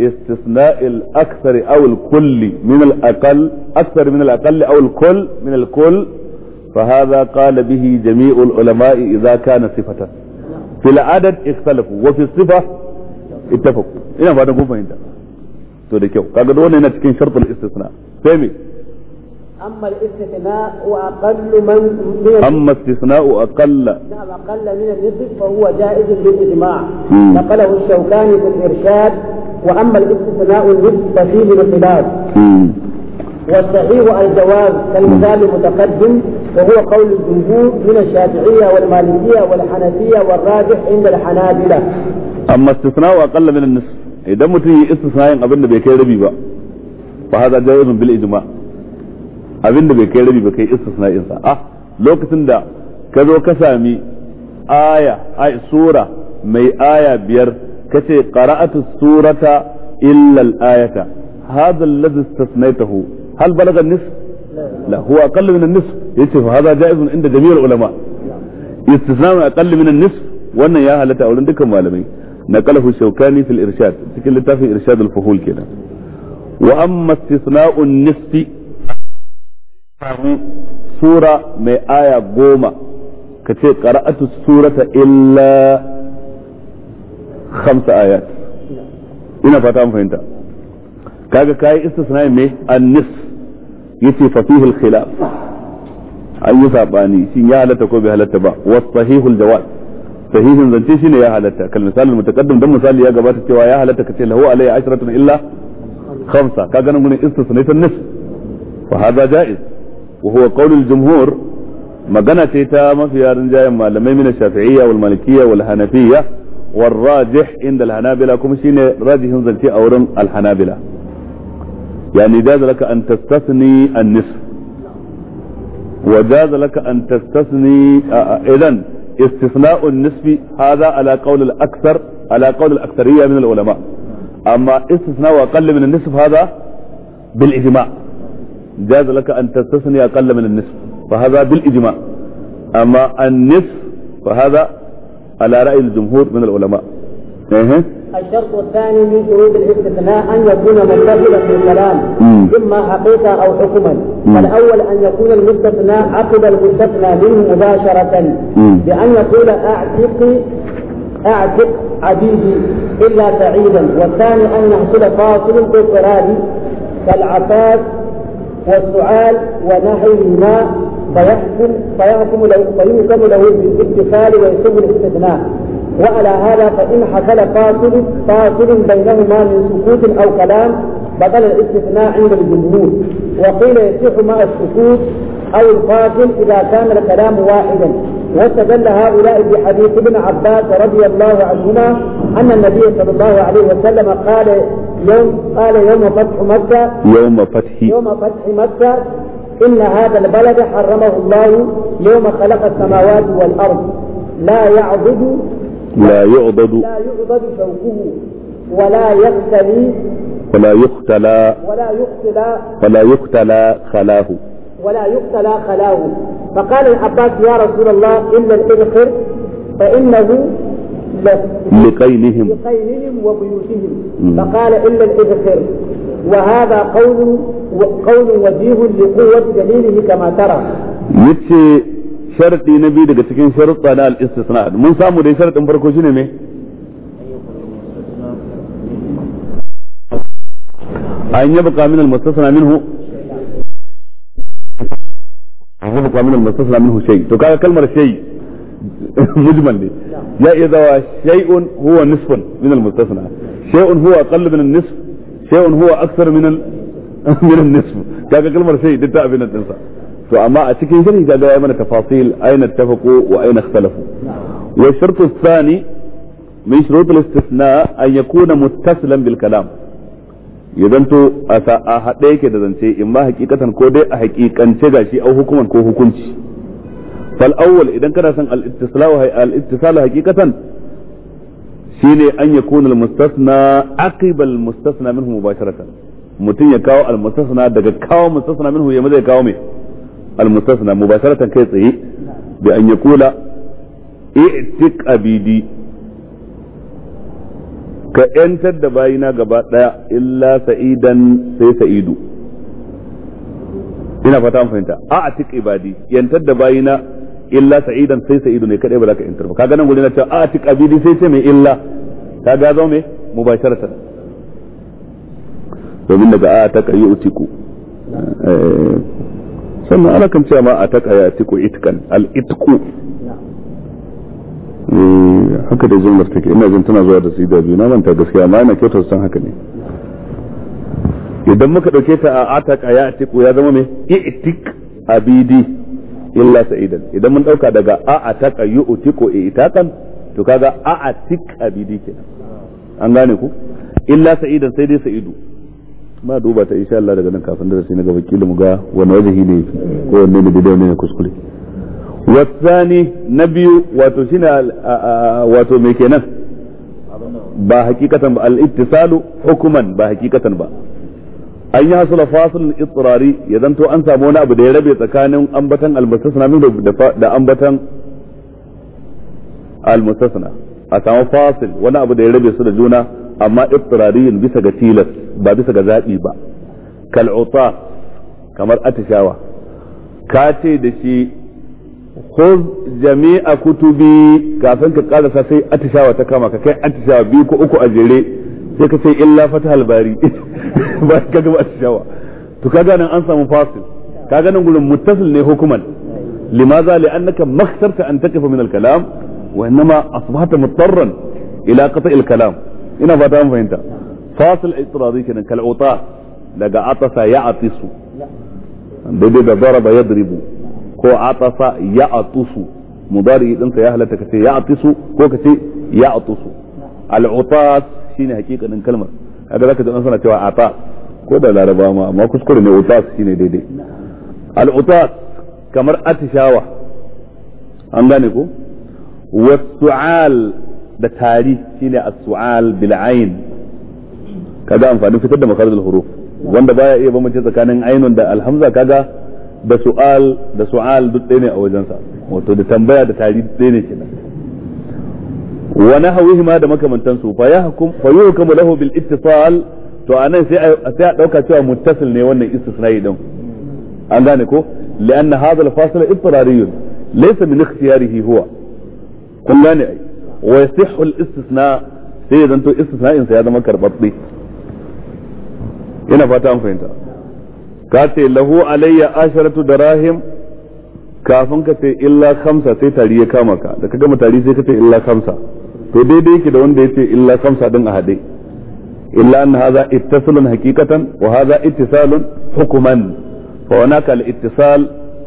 استثناء الأكثر أو الكل من الأقل أكثر من الأقل أو الكل من الكل فهذا قال به جميع العلماء إذا كان صفة في العدد اختلفوا وفي الصفة اتفقوا ina ba da kun da to da kyau kaga wannan yana cikin shartul istisna sai me أما الاستثناء وأقل من من أما استثناء أقل نعم أقل من النصف فهو جائز بالإجماع نقله الشوكاني في الإرشاد وأما الاستثناء النصف ففيه الخلاف والصحيح الجواز كالمثال المتقدم وهو قول الجمهور من الشافعية والمالكية والحنفية والراجح عند الحنابلة أما استثناء أقل من النصف idan mutum yi istisnayin abin da bai kai rabi ba fa hada jaizun bil ijma abin da bai kai rabi ba kai istisnayin sa ah lokacin da ka zo ka sami aya ai sura mai aya biyar kace qara'atu surata illa al ayata hadha alladhi istasnaytahu hal balagha nisf la huwa aqallu min an-nisf yace fa hada jaizun inda jami'ul ulama istisna aqallu min an-nisf wannan ya halatta a wurin dukkan malamai نقله الشوكاني في الإرشاد تكلمت في إرشاد الفحول كده وأما استثناء النصف سورة من آية قومة كتير قرأت السورة إلا خمس آيات هنا فتام فهمت كاي كاي استثناء من النصف يتي ففيه الخلاف أي أيوة ثاباني سينيالة كوبي هلتبا والصحيح الجواز sahihin zance shine ya halatta kal misalin mutaqaddim dan misali ya gabata cewa ya halatta kace lahu alayhi ashratun illa khamsa ka ganin gurin istisna ta nis fa hada jaiz wa huwa qaulul jumhur magana ce ta mafiya rinjayen malamai min shafi'iyya wal malikiyya wal hanafiyya wal rajih inda al hanabila kuma shine rajihin zance a wurin al hanabila yani da zalaka an tastasni an nisf وجاز لك أن تستثني إذن استثناء النسبي هذا على قول الأكثر على قول الأكثرية من العلماء أما استثناء أقل من النسب هذا بالإجماع جاز لك أن تستثني أقل من النسب فهذا بالإجماع أما النصف فهذا على رأي الجمهور من العلماء إيه؟ الشرط الثاني من شروط الاستثناء أن يكون متصلا بالكلام إما حقيقة أو حكما الاول أن يكون المستثنى عقب المستثنى منه مباشرة بأن يقول أعتق أعتق عبيدي إلا سعيدا والثاني أن يحصل فاصل اضطراري كالعفاف والسعال ونحوهما فيحكم فيحكم له فيحكم له بالاتصال ويسمى الاستثناء وعلى هذا فإن حصل فاصل فاصل بينهما من سكوت أو كلام بطل الاستثناء عند الجمهور وقيل يصح مع السكوت أو الفاصل إذا كان الكلام واحدا واستدل هؤلاء بحديث ابن عباس رضي الله عنهما أن النبي صلى الله عليه وسلم قال يوم قال يوم فتح مكة يوم فتح يوم فتح مكة إن هذا البلد حرمه الله يوم خلق السماوات والأرض لا يعبد لا يعضد لا شوكه ولا يختلي ولا يختلى ولا يختلى ولا يختلى خلاه ولا يقتلى خلاه فقال العباس يا رسول الله إن الإذخر فإنه لقيلهم لقيلهم وبيوتهم فقال إلا الإذخر وهذا قول قول وجيه لقوة دليله كما ترى yace sharadi na biyu daga cikin sharuɗa na al-istisna mun samu dai sharadin farko shine me an yabqa min al-mustasna minhu yabqa min al-mustasna minhu shay to kaga kalmar shay mujmal ne ya iya zawa shay'un huwa nisfun min al-mustasna shay'un huwa aqallu min an-nisf shay'un huwa akthar min al-nisf kaga kalmar shay duk ta abin nan sa to amma a cikin sharhi kaga ya mana tafasil aina tafaqu wa aina ikhtalafu wa shartu thani min shurut al-istithna an yakuna muttasilan bil kalam idan to a haɗe yake da zance in ma hakikatan ko dai a hakikance gashi au hukuman ko hukunci fal awwal idan kana son al-ittisalu al-ittisalu hakikatan shine an yakuna al-mustasna aqiba al-mustasna minhu mubasharatan mutum ya kawo al-mustasna daga kawo mustasna minhu ya zai kawo mai المستثنى مباشرة كيف بأن يقول اعتق أبيدي ka ‘yantar da bayina gaba ɗaya illa sa'idan sai sa'idu ina fata an fahimta a a tik ibadi ‘yantar da bayina illa sa'idan sai sa'idu ne kaɗai ba za ka ‘yantar ba kaga nan gudu na a a tik abidi sai ce mai illa ta ga zo mai mubasharatan domin a ta kayi utiku sannan ana kan cewa ma a taka ya tiku itkan al itku eh, haka da jumlar take ina jin tana zuwa da sida biyu na manta gaskiya ma ina kyautar san haka ne idan muka dauke ta a ataka ya tiku ya zama me itik abidi illa sa'idan idan mun dauka daga a ataka yu utiku itakan to kaga a atik abidi kenan an gane ku illa sa'idan sai dai sa'idu ma duba ta insha Allah daga nan kafin da sai na gaba kila mu ga wani wajahi ne ko wanne ne bidiyo ne kuskure wasani na biyu wato shine wato me kenan ba hakikatan ba al-ittisalu hukuman ba hakikatan ba an yi hasula fasilin itsirari ya zanto an samu wani abu da ya rabe tsakanin ambatan almustasna min da ambatan almustasna a samu fasil wani abu da ya rabe su da juna amma ittirariyun bisa ga tilas ba bisa ga zaɓi ba kal'uta kamar atishawa ka ce da shi khuz jami'a kutubi kafin ka karasa sai atishawa ta kama ka kai atishawa biyu ko uku a jere sai ka ce illa fatahal halbari ba ka gaba atishawa to ka nan an samu fasil kaga nan gurin muttasil ne hukuman limaza li'annaka maktarta an taqifa min al-kalam wa innama asbahta mutarran ila qata'il kalam ina fata an fahimta fasil itirazi kenan kal uta daga atasa ya atisu daidai da daraba yadribu ko atasa ya atusu mudari din ya halatta kace ya atisu ko kace ya atusu al utas shine hakikanin kalmar kaga zaka ji an sana cewa ata ko da laraba ma amma kuskure ne utas shine daidai al utas kamar atishawa an gane ko wasu'al da tari shine as-su'al bil ayn kaga amfani fitar da makarzul huruf wanda baya iya bambance tsakanin ainun da alhamza kaga da su'al da su'al duk ɗaya ne a wajen sa wato da tambaya da tari duk ɗaya ne kenan wa ma da makamantansu fa yahkum fa yuhkamu lahu bil ittisal to anan sai a sai a dauka cewa muttasil ne wannan istisna'i din an gane ko li'anna hadha al-fasil idrariyun laysa min ikhtiyarihi huwa kun gane ai wa yasihhu al-istisna sai ya zanto istisna'in sa ya zama karbabbe ina fata an fahimta ka ce lahu alayya asharatu darahim kafin ka ce illa khamsa sai tari ya kama ka da ka gama tari sai ka ce illa khamsa to daidai yake da wanda ya ce illa khamsa din a hade illa an hadha ittasalun haqiqatan wa hadha ittisalun hukuman fa hunaka al-ittisal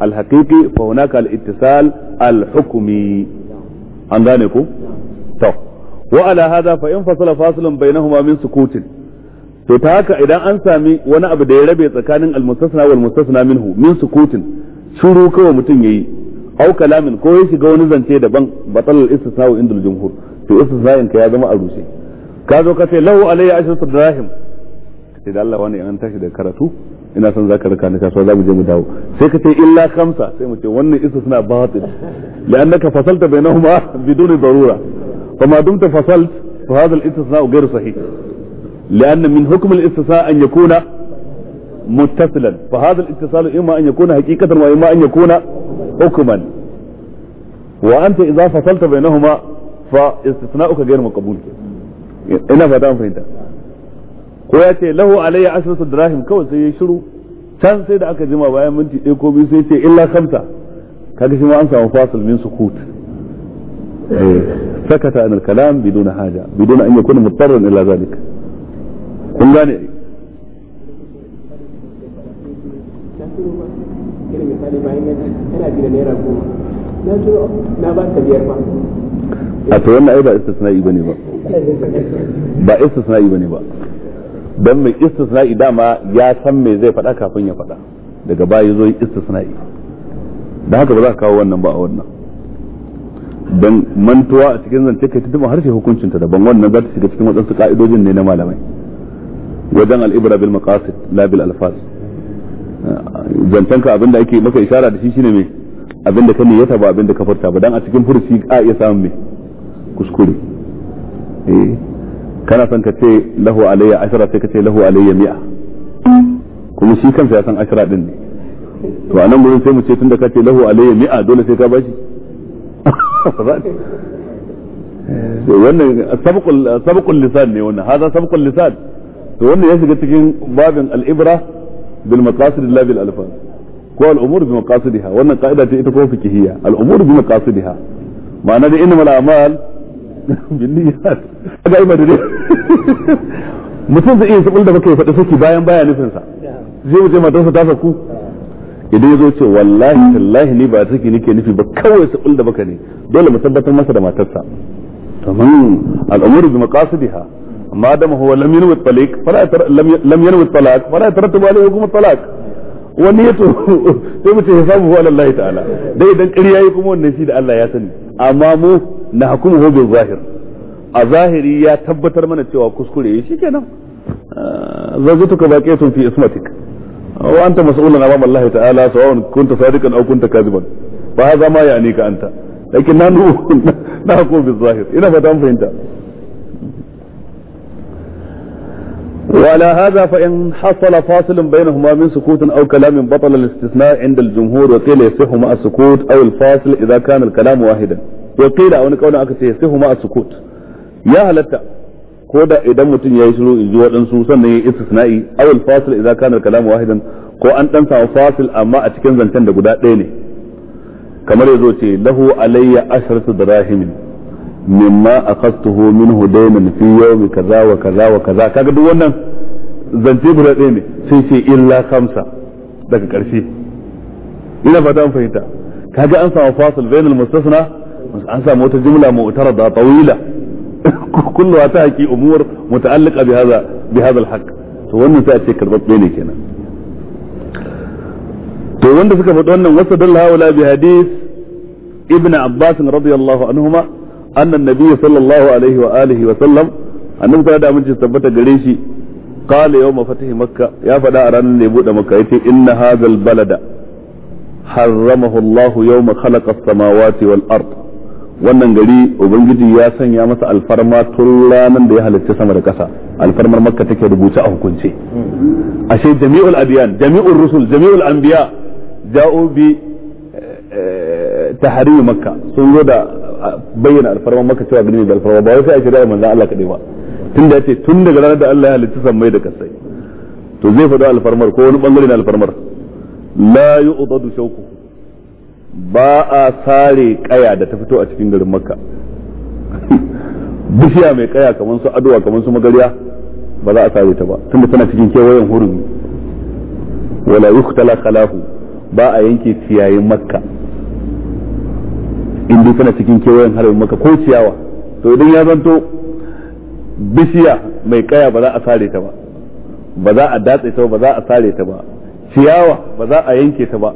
al-haqiqi fa hunaka al-ittisal al-hukmi an gane ku. to wa ala hadha fa in fasala fasilun bainahuma min sukutin to ta haka idan an sami wani abu da ya rabe tsakanin almustasna wal mustasna minhu min sukutin shuru kawai mutum yayi au kalamin ko ya shiga wani zance daban batal istisna'u indal jumhur to in ka ya zama a rushe ka zo ka ce lahu alayya ashratu dirahim sai da Allah wani an tashi da karatu ina son zaka raka ni kasuwa zamu je mu dawo sai ka ce illa khamsa sai mu ce wannan istisna batil li'annaka fasalta bainahuma biduni darura فما دمت فصلت فهذا الاستثناء غير صحيح لأن من حكم الاستثناء أن يكون متصلا فهذا الاتصال إما أن يكون حقيقة وإما أن يكون حكما وأنت إذا فصلت بينهما فاستثناؤك غير مقبول إن فدام فهمت ويأتي له علي عشرة الدراهم كو سيشرو كان سيد أكاديما بأي منتي إيكو بيسيتي إلا خمسة كاكسي ما أنسى مفاصل من سكوت سكت عن الكلام بدون حاجة بدون أن يكون مضطرا إلى ذلك kun gane a to wannan ai ba istisna'i bane ba ba istisna'i bane ba dan mai istisna'i dama ya san me zai faɗa kafin ya faɗa daga baya zo istisna'i da haka ba za ka kawo wannan ba a wannan don mantuwa a cikin zance kai tuntuɓin harshe hukuncin ta daban wannan za ta shiga cikin waɗansu ka'idojin ne na malamai wajen al'ibra bil maqasid la bil alfaz zantanka abinda ake maka isharar da shi shine me abinda ka niyyata ba abinda ka furta ba dan a cikin furci a iya samun me kuskure eh kana son ka ce lahu alayya ashara sai ka ce lahu alayya mi'a kuma shi kansa ya san ashara din ne to anan gurin sai mu ce tunda ka ce lahu alayya mi'a dole sai ka bashi Eh, wannan sabqul lisan ne wannan haza sabqul lisan to wannan ya shiga cikin babin al'ibra bil maqasid la bil alfaz ko al-umur bi maqasidiha wannan qaida ce ita ko fiqhiyya al-umur bi maqasidiha ma'ana da innamal a'mal bin niyyat kaga ibada ne mutum zai iya sabul da baka yi saki bayan baya nufin sa zai wuce matarsa ta saku idan ya zo ce wallahi tallahi ni ba saki nake nufi ba kawai sabul da baka ne dole mu tabbatar masa da matarsa tamam al'umur bi maqasidiha ma dama huwa lam yanwi talaq fala lam yanwi talaq fala tarattabu alayhi hukum talaq wa niyatu sai mu ce hisabu huwa lillahi ta'ala dai idan ƙarya yi kuma wannan shi da Allah ya sani amma mu na hukumu bil zahir a zahiri ya tabbatar mana cewa kuskure yi shikenan zawjatuka baqiyatun fi ismatik wa anta mas'ulun amama Allah ta'ala sawa'un kunta sadiqan aw kunta kadiban fa hadha ma ya'nika anta لكن na نقول bi zahir ina fata وعلى هذا فإن حصل فاصل بينهما من سكوت أو كلام بطل الاستثناء عند الجمهور وقيل يصح مع السكوت أو الفاصل إذا كان الكلام واحدا وقيل أو نكون أكثر يصح مع السكوت يا هلتا كودا إذا متن يشلو إجواء نهي استثنائي أو الفاصل إذا كان الكلام واحدا كو أنت dan فاصل أما amma a cikin ديني kamar yazo ce lahu alayya ashratu dirahim mimma akhadtuhu minhu daynan fi yawmi kaza wa kaza wa kaza kaga duk wannan zance bura ɗaya ne sai ce illa khamsa daga ƙarshe ina fata an fahimta kaga an samu fasil bainal mustasna an samu wata jumla mu'tarada tawila kullu ta haqi umur muta'alliqa bi hadha bi hadha al-haqq to wannan sai a ce karbabbe ne kenan to wanda suka faɗi wannan wasu dalla haula bi hadith ibn abbas radiyallahu anhuma annan nabi'u sallallahu alaihi wa alihi wa sallam annabi ta da amince tabbata gare shi qala yawma fatihi makka ya faɗa a ranar ne bude makka yace inna hadhal balada harramahu allah yawma khalaqa as-samawati wal ard wannan gari ubangiji ya sanya masa alfarma tun ranar da ya halitta sama da ƙasa alfarmar makka take rubuce a hukunce ashe jami'ul adiyan jami'ul rusul jami'ul anbiya ja'u bi tahrimi makka sun zo da bayyana alfarman makka cewa gani da alfarma ba wai sai a da manzon Allah kadai ba tunda yace tun daga ranar da Allah ya halitta mai da kasai to zai faɗo alfarmar ko wani bangare na alfarmar la yu'dadu shauku ba a sare kaya da ta fito a cikin garin makka bishiya mai kaya kamar su adowa kamar su magariya ba za a sare ta ba tunda tana cikin kewayen hurumi wala yuktala khalahu ba a yanke ciyayin makka in dai kana cikin kewayen harbin makka ko ciyawa to idan ya zanto bishiya mai kaya ba za a sare ta ba ba za a datse ta ba za a sare ta ba ciyawa ba za a yanke ta ba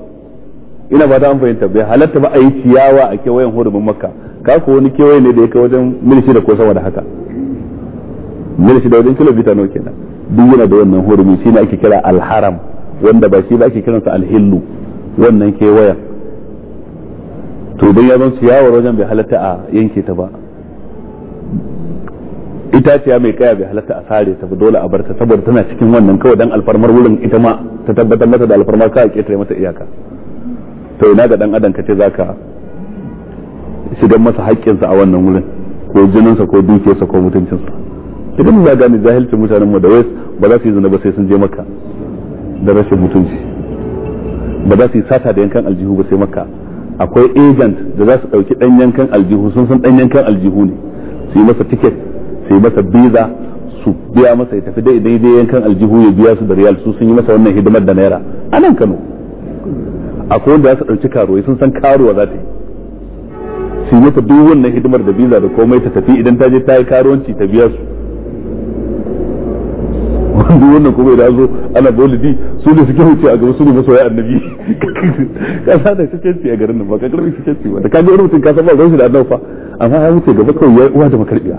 ina ba an fahimta bai halatta ba a yi ciyawa a kewayen hurumin makka ka ko wani kewaye ne da ya kai wajen mil shida ko sama da haka mil shida wajen kilomita nawa kenan duk yana da wannan hurumi shine ake kira alharam wanda ba shi ba ake kiransa alhillu wannan kewayen to don ya zan ciyawar wajen bai halatta a yanke ta ba itaciya mai kaya bai halatta a sare ta dole a barta saboda tana cikin wannan kawai dan alfarmar wurin ita ma ta tabbatar mata da alfarmar ka ketare mata iyaka to ina ga dan adam kace zaka shigan masa haƙƙinsa a wannan wurin ko jininsa ko dukiyarsa ko mutuncinsa idan ba gane zahilcin mutanen mu da wai ba za su yi zina ba sai sun je maka da rashin mutunci ba za su yi sata da yankan aljihu ba sai maka akwai agent da za su ɗauki ɗan yankan aljihu sun san ɗan yankan aljihu ne su yi masa ticket su yi masa visa su biya masa ya tafi daidai da yankan aljihu ya biya su da riyal su sun yi masa wannan hidimar da naira a nan kano akwai wanda za su ɗauki karuwa sun san karuwa za ta yi su yi masa duk wannan hidimar da visa da komai ta tafi idan ta je ta yi karuwanci ta biya su duk wannan kuma idan zo ana bolidi su ne suke huce a gaba su ne masoya annabi ka sa da suke a garin nan ba ka karbi suke ci da ka ga wani mutum ka san ba ruwan shi da annabi fa amma ya wuce gaba kawai ya uwa da makarbiya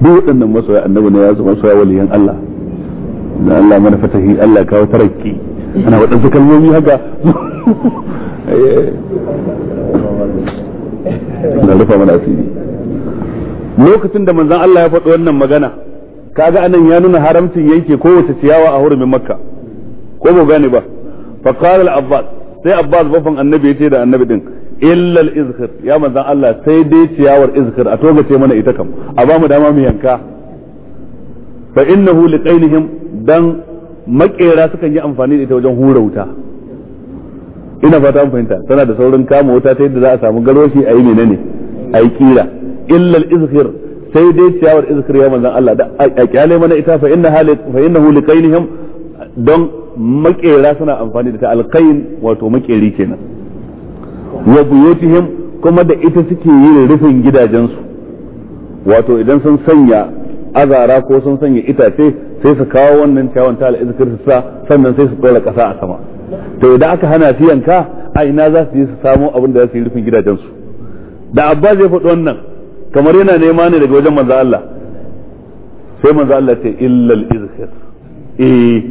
duk waɗannan masoya annabi ne ya zo masoya waliyan Allah dan Allah mana fatahi Allah kawo tarakki ana waɗansu kalmomi haka na rufa mana asiri lokacin da manzon Allah ya faɗi wannan magana kaga anan ya nuna haramcin yanke kowace ciyawa a hurumin makka ko ba gane ba fa qala al-abbas sai abbas bafan annabi yace da annabi din illa al ya manzon Allah sai dai ciyawar izkhir a toga ce mana ita kam a ba mu dama mu yanka fa innahu liqainihim dan makera sukan yi amfani da ita wajen hura wuta ina fata an fahimta tana da saurin kama wuta ta yadda za a samu garoshi a yi menene a yi kira illa al sai dai ciyawar izkir ya manzan Allah da a kyale mana ita fa inna hali fa innahu liqainihim don makera suna amfani da ta alqain wato makeri kenan wa buyutihim kuma da ita suke yin rufin gidajensu wato idan sun sanya azara ko sun sanya itace sai su kawo wannan ciyawar ta al'izkir su sa sannan sai su tsora kasa a sama to idan aka hana su yanka a ina za su yi su samo abin da za su yi rufin gidajensu da abba zai faɗi wannan kamar yana nema ne daga wajen manzo Allah sai manzo Allah ce illal izhir eh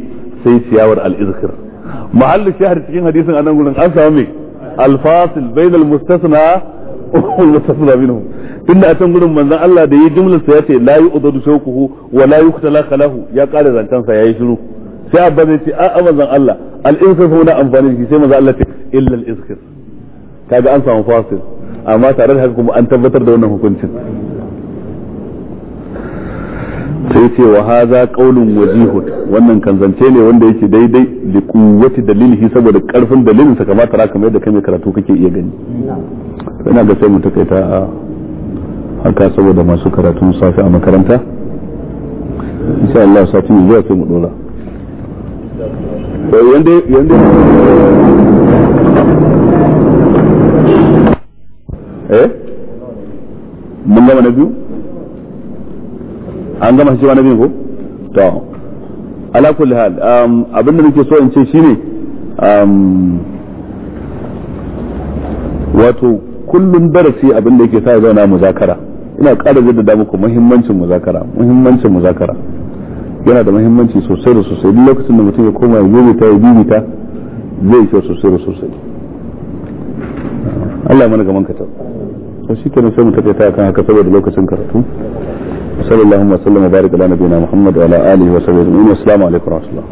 sai siyawar al izhir mahallu shahar cikin hadisin anan gurin an samu me al fasil bain al mustasna wal mustasna minhu inda a can gurin manzon Allah da yi jumlar sa yace la yu'dadu shawquhu wa la yuqtala khalahu ya kare zantan sa yayi shiru sai abba ne ce a a manzon Allah al izhir na amfani shi sai manzo Allah ce illal izhir kaga an samu fasil amma tare da haka kuma an tabbatar da wannan hukuncin sai ce wa haza kaulun wajihun wannan kan zance ne wanda yake daidai li quwwati dalilihi saboda karfin dalilin sa kamata ra kamar yadda kai mai karatu kake iya gani ina ga sai mu takaita a haka saboda masu karatun safi a makaranta insha Allah safi ne zuwa sai mu dora to yanda yanda eh mun gama na biyu an gama shi na biyu ko to ala kulli hal um, abin da nake so in ce shine um, wato kullum darasi abin da yake sa zauna muzakara ina ƙara jaddada muku muhimmancin muzakara muhimmancin muzakara yana da muhimmanci sosai da sosai duk lokacin da mutum ya koma ya ta ya bibita zai kyau sosai da sosai Allah mana gaman ka to shi kenan sai mu takaita kan haka saboda lokacin karatu sallallahu alaihi wa sallam wa baraka ala nabiyina muhammad wa ala alihi wa sahbihi assalamu alaikum wa